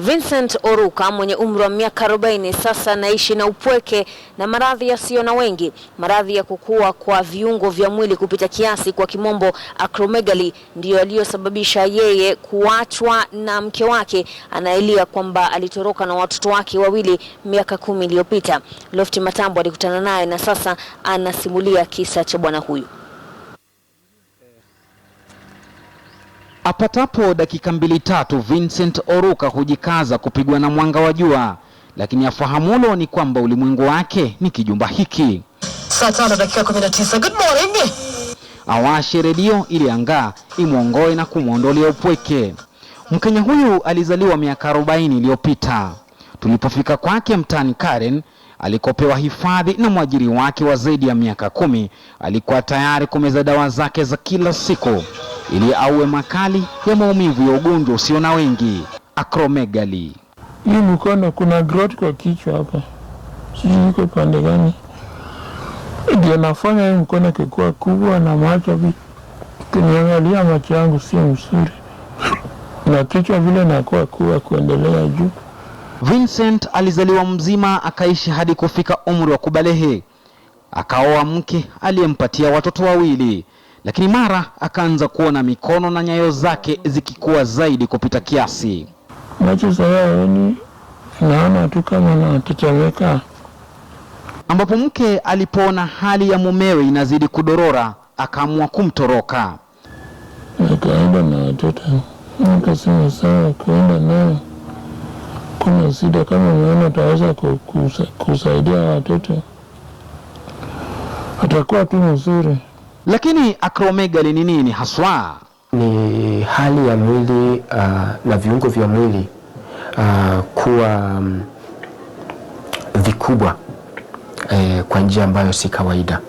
Vincent Oruka mwenye umri wa miaka 40 sasa anaishi na upweke na maradhi yasiyo na wengi, maradhi ya kukua kwa viungo vya mwili kupita kiasi, kwa kimombo acromegaly, ndiyo aliyosababisha yeye kuachwa na mke wake anaelia kwamba alitoroka na watoto wake wawili miaka kumi iliyopita. Lofti Matambo alikutana naye na sasa anasimulia kisa cha bwana huyu. Apatapo dakika mbili tatu, Vincent Oruka hujikaza kupigwa na mwanga wa jua, lakini afahamulo ni kwamba ulimwengu wake ni kijumba hiki. Saa tano dakika 19. Good morning. Awashe redio ili angaa imwongoe na kumwondolea upweke. Mkenya huyu alizaliwa miaka 40 iliyopita. Tulipofika kwake mtaani Karen alikopewa hifadhi na mwajiri wake wa zaidi ya miaka kumi, alikuwa tayari kumeza dawa zake za kila siku ili aue makali ya maumivu ya ugonjwa usio na wengi, acromegaly. Hii mkono kuna grot kwa kichwa hapa, sijui iko pande gani, ndio nafanya hii mkono kikuwa kubwa na macho kuniangalia, macho yangu sio mzuri na kichwa vile nakuwa kuwa kuendelea juu Vincent alizaliwa mzima akaishi hadi kufika umri wa kubalehe. Akaoa mke aliyempatia watoto wawili, lakini mara akaanza kuona mikono na nyayo zake zikikuwa zaidi kupita kiasi. Macho sayaoni naona tu kama natetemeka. Ambapo mke alipoona hali ya mumewe inazidi kudorora, akaamua kumtoroka. Akaenda na watoto, nikasema sawa kuenda nao kuna na kama umeona utaweza kusaidia watoto, atakuwa tu mzuri. Lakini acromegaly ni nini haswa? Ni hali ya mwili uh, na viungo vya mwili uh, kuwa um, vikubwa eh, kwa njia ambayo si kawaida,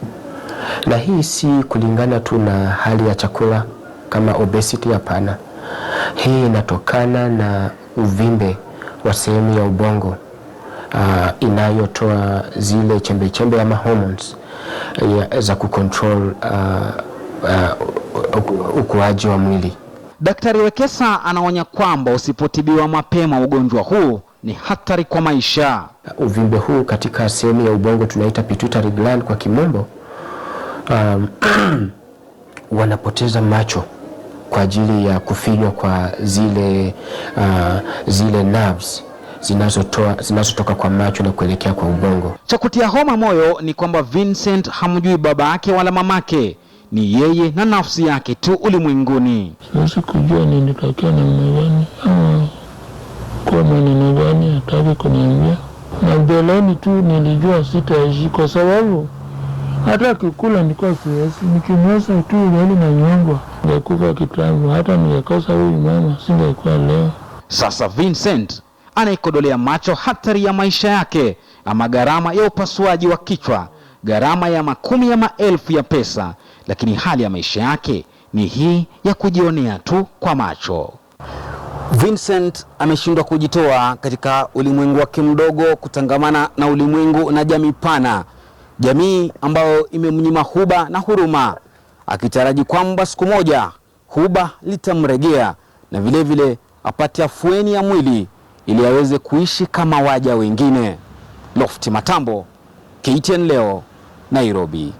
na hii si kulingana tu na hali ya chakula kama obesity. Hapana, hii inatokana na uvimbe wa sehemu ya ubongo uh, inayotoa zile chembe chembe ama hormones uh, ya, za kucontrol uh, uh, ukuaji wa mwili. Daktari Wekesa anaonya kwamba usipotibiwa mapema ugonjwa huu ni hatari kwa maisha. Uvimbe huu katika sehemu ya ubongo tunaita pituitary gland kwa kimombo, um, wanapoteza macho kwa ajili ya kufinywa kwa zile, uh, zile nerves zinazotoka kwa macho na kuelekea kwa ubongo. Cha kutia homa moyo ni kwamba Vincent hamjui baba yake wala mamake, ni yeye na nafsi yake tu ulimwenguni. Siwezi kujua nilitokea na gani ama kwa maneno gani hataki kuniambia, na mbeleni tu nilijua sitaishi kwa sababu hata kikula nilikuwa siwezi, nikimweza tu wali na nyongwa ningekufa kitambo, hata ningekosa huyu mama singekuwa leo. Sasa Vincent anaikodolea macho hatari ya maisha yake ama gharama ya upasuaji wa kichwa, gharama ya makumi ya maelfu ya pesa, lakini hali ya maisha yake ni hii ya kujionea tu kwa macho. Vincent ameshindwa kujitoa katika ulimwengu wake mdogo, kutangamana na ulimwengu na jamii pana, jamii ambayo imemnyima huba na huruma akitaraji kwamba siku moja huba litamregea na vilevile vile apate afueni ya mwili ili aweze kuishi kama waja wengine. Lofti Matambo, KTN leo, Nairobi.